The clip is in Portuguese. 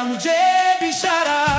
chamo de bicharada.